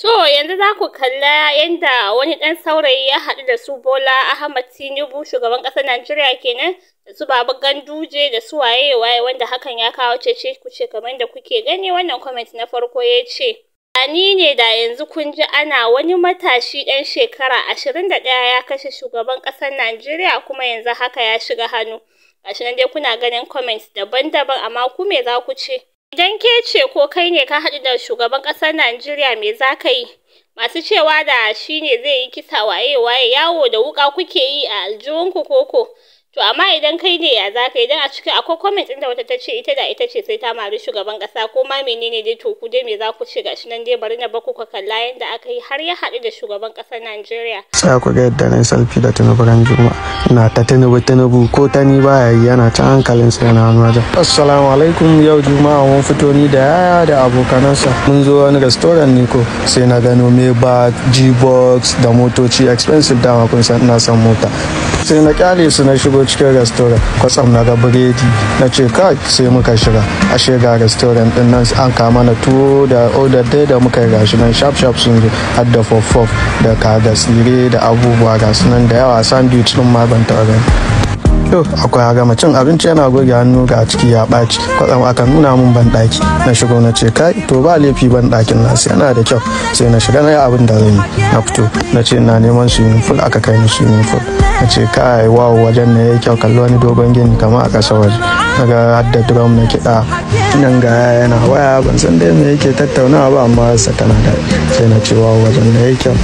To yanzu za ku kalla yadda wani ɗan saurayi ya haɗu da su Bola Ahmad Tinubu shugaban ƙasar Najeriya kenan da su Babu Ganduje da su waye waye wanda hakan ya kawo ce-ce ku ce kamar da kuke gani wannan comment na farko ya ce Ani ne da yanzu kun ji ana wani matashi ɗan shekara ashirin da ɗaya ya kashe shugaban ƙasar Najeriya kuma yanzu haka ya shiga hannu. Gashi dai kuna ganin comments daban-daban amma ku me za ku ce? Idan ke ce ko kai ne ka haɗu da shugaban ƙasar Najeriya me za ka yi? Masu cewa da shi ne zai yi kisa waye-waye, yawo da wuƙa kuke yi a aljihunku ko ko? To amma idan kai ne ya za ka yi a cikin akwai comment ɗin da wata ta ce ita da ita ce sai ta mari shugaban kasa ko ma menene dai to ku dai me za ku ce gashi nan dai bari na ba ku kalla yadda aka yi har ya haɗu da shugaban kasa Najeriya. Sai ku ga yadda na salfi da Tinubu ran Juma'a na ta Tinubu Tinubu ko ta ni baya yi yana ta hankalin sai na hannu wajen. Assalamu alaikum yau Juma'a mun fito ni da yaya da abokanansa mun zo wani restaurant ne ko sai na gano me ba G-box da motoci expensive dama kun san ina son mota sai na kyale su na shigo shigo cikin restaurant kwatsam na ga biredi na ce ka sai muka shiga a ga restaurant din nan an kama na tuwo da odar dai da muka ga shi nan sharp sharp sun zo har da fofof da kaga tsire da abubuwa ga sunan da yawa sandwich din ma ban taɓa gani yau akwai gama cin abinci yana goge hannu ga ciki ya ɓaci kwatsam aka nuna min ban ɗaki na shigo na ce kai to ba laifi ban ɗakin nasu yana da kyau sai na shiga na yi abin da zan yi na fito na ce na neman swimming pool aka kai ni swimming pool na ce kai wow wajen ne ya kyau kallo wani dogon gini kama a ƙasa waje daga hadda drum na kiɗa nan ga yana waya ban san da me yake tattaunawa ba amma sa tana da sai na ce wow wajen ne ya kyau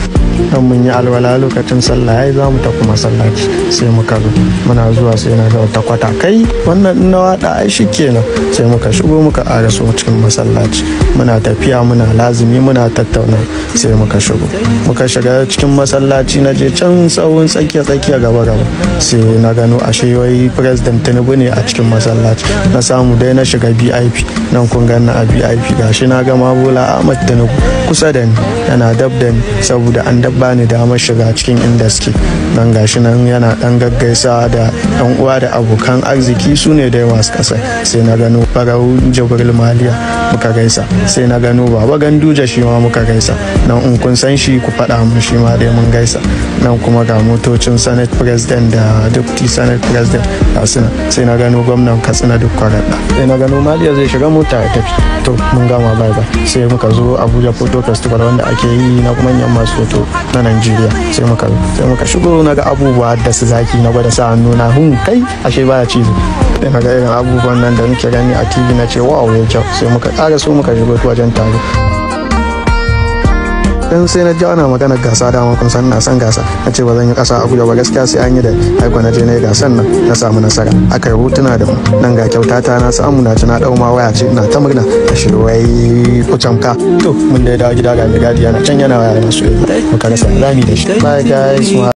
don mun yi alwala lokacin sallah ya za mu tafi masallaci sai muka zo muna zuwa sai na ga ta kwata kai wannan na wada ai kenan sai muka shigo muka ara so cikin masallaci muna tafiya muna lazumi muna tattauna sai muka shigo muka shiga cikin masallaci na je can tsawon tsakiya tsakiya gaba gaba sai na gano ashe wai president tinubu ne a cikin masallaci na samu dai na shiga vip nan kun ganna a vip gashi na ga mabola ahmad tinubu kusa da ni yana dab da ni saboda an da bani damar shiga cikin industry don gashi nan yana dan gaggaisa da yan uwa da abokan arziki su ne da yawa suka sai sai na gano farau jabril maliya muka gaisa sai na gano baba ganduja shi ma muka gaisa nan in kun san shi ku faɗa mun shi ma dai mun gaisa nan kuma ga motocin senate president da deputy senate president a suna sai na gano gwamnan katsina duk kwararra sai na gano maliya zai shiga mota ya tafi to mun gama bai ba sai muka zo abuja photo festival wanda ake yi na manyan masu hoto na nigeria sai muka sai muka shigo na ga abubuwa da su zaki na gwada sa hannu na hun kai ashe baya cizo sai na ga irin abubuwan nan da muke gani a tv na ce wow ya kyau sai muka ƙara so muka shigo wajen taro dan sai na ji ana maganar gasa dama kun san na san gasa na ce ba zan yi kasa a gudu ba gaskiya sai an yi da aiko na je na yi gasan nan na samu nasara aka yi hutuna da mu nan ga kyauta ta na samu na ci na dau ma waya ce ina ta murna ta shiru wai kucamka to mun da dawo gida ga mai gadi yana can yana waya na su mu ka rasa rami da shi bye guys